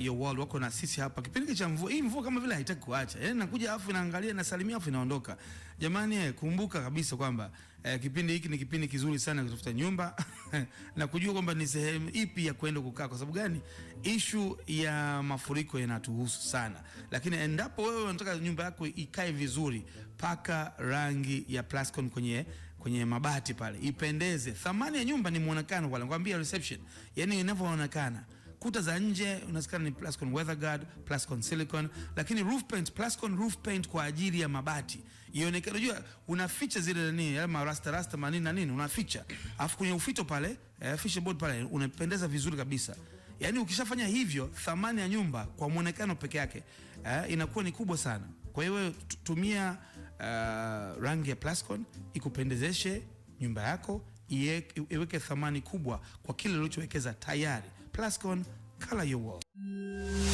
ya World wako na sisi hapa kipindi cha mvua. Hii mvua kama vile haitaki kuacha, yani nakuja afu inaangalia na salimia afu inaondoka. Jamani, eh, kumbuka kabisa kwamba eh, kipindi hiki ni kipindi kizuri sana kutafuta nyumba na kujua kwamba ni sehemu ipi ya kwenda kukaa. Kwa sababu gani? Ishu ya mafuriko yanatuhusu sana, lakini endapo wewe unataka nyumba yako ikae vizuri, paka rangi ya Plascon kwenye kwenye mabati pale, ipendeze. Thamani ya nyumba ni muonekano, wala ngwambia reception, yani inavyoonekana Kuta za nje unasikana ni Plascon weather guard, Plascon silicon, lakini roof paint, Plascon roof paint kwa ajili ya mabati. Ionekane, unajua unaficha zile nini, yale ma rasta rasta manini na nini unaficha. afu kwenye ufito pale, eh, fish board pale unapendeza vizuri kabisa. Yaani ukishafanya hivyo thamani ya nyumba kwa muonekano peke yake eh, inakuwa ni kubwa sana. Kwa hiyo tumia uh, rangi ya Plascon ikupendezeshe nyumba yako, iweke thamani kubwa kwa kile ulichowekeza tayari. Plascon, color your wall.